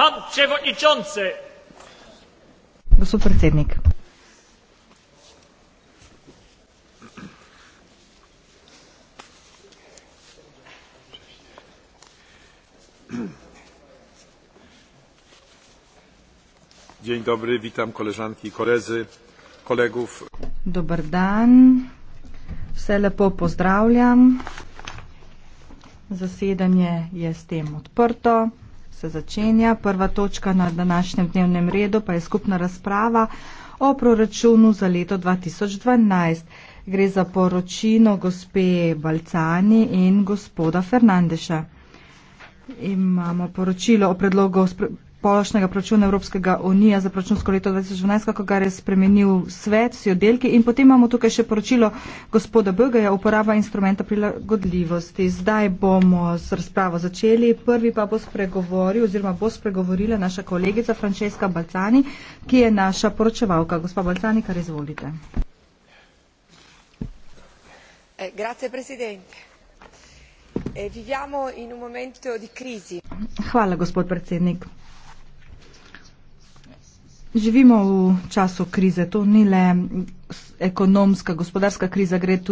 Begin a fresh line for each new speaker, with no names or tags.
Pan przewodniczący!
Gospod predsednik.
Dzień dobry, witam koleżanki i koledzy, kolegów.
Dobar dan, vse lepo pozdravljam. Zasedanje je s tem odprto se začenja. Prva točka na današnjem dnevnem redu pa je skupna razprava o proračunu za leto 2012. Gre za poročino gospe Balcani in gospoda Fernandeša. Imamo poročilo o predlogu splošnega proračuna Evropskega unije za proračunsko leto 2012, kako ga je spremenil svet, vsi oddelki. In potem imamo tukaj še poročilo gospoda Bega, uporaba instrumenta prilagodljivosti. Zdaj bomo s razpravo začeli. Prvi pa bo spregovoril oziroma bo spregovorila naša kolegica Francesca Balcani, ki je naša poročevalka. Gospod Balcani, kar izvolite.
Eh, eh,
Hvala, gospod predsednik. Živimo v času krize, to ni le ekonomska, gospodarska kriza, gre tudi.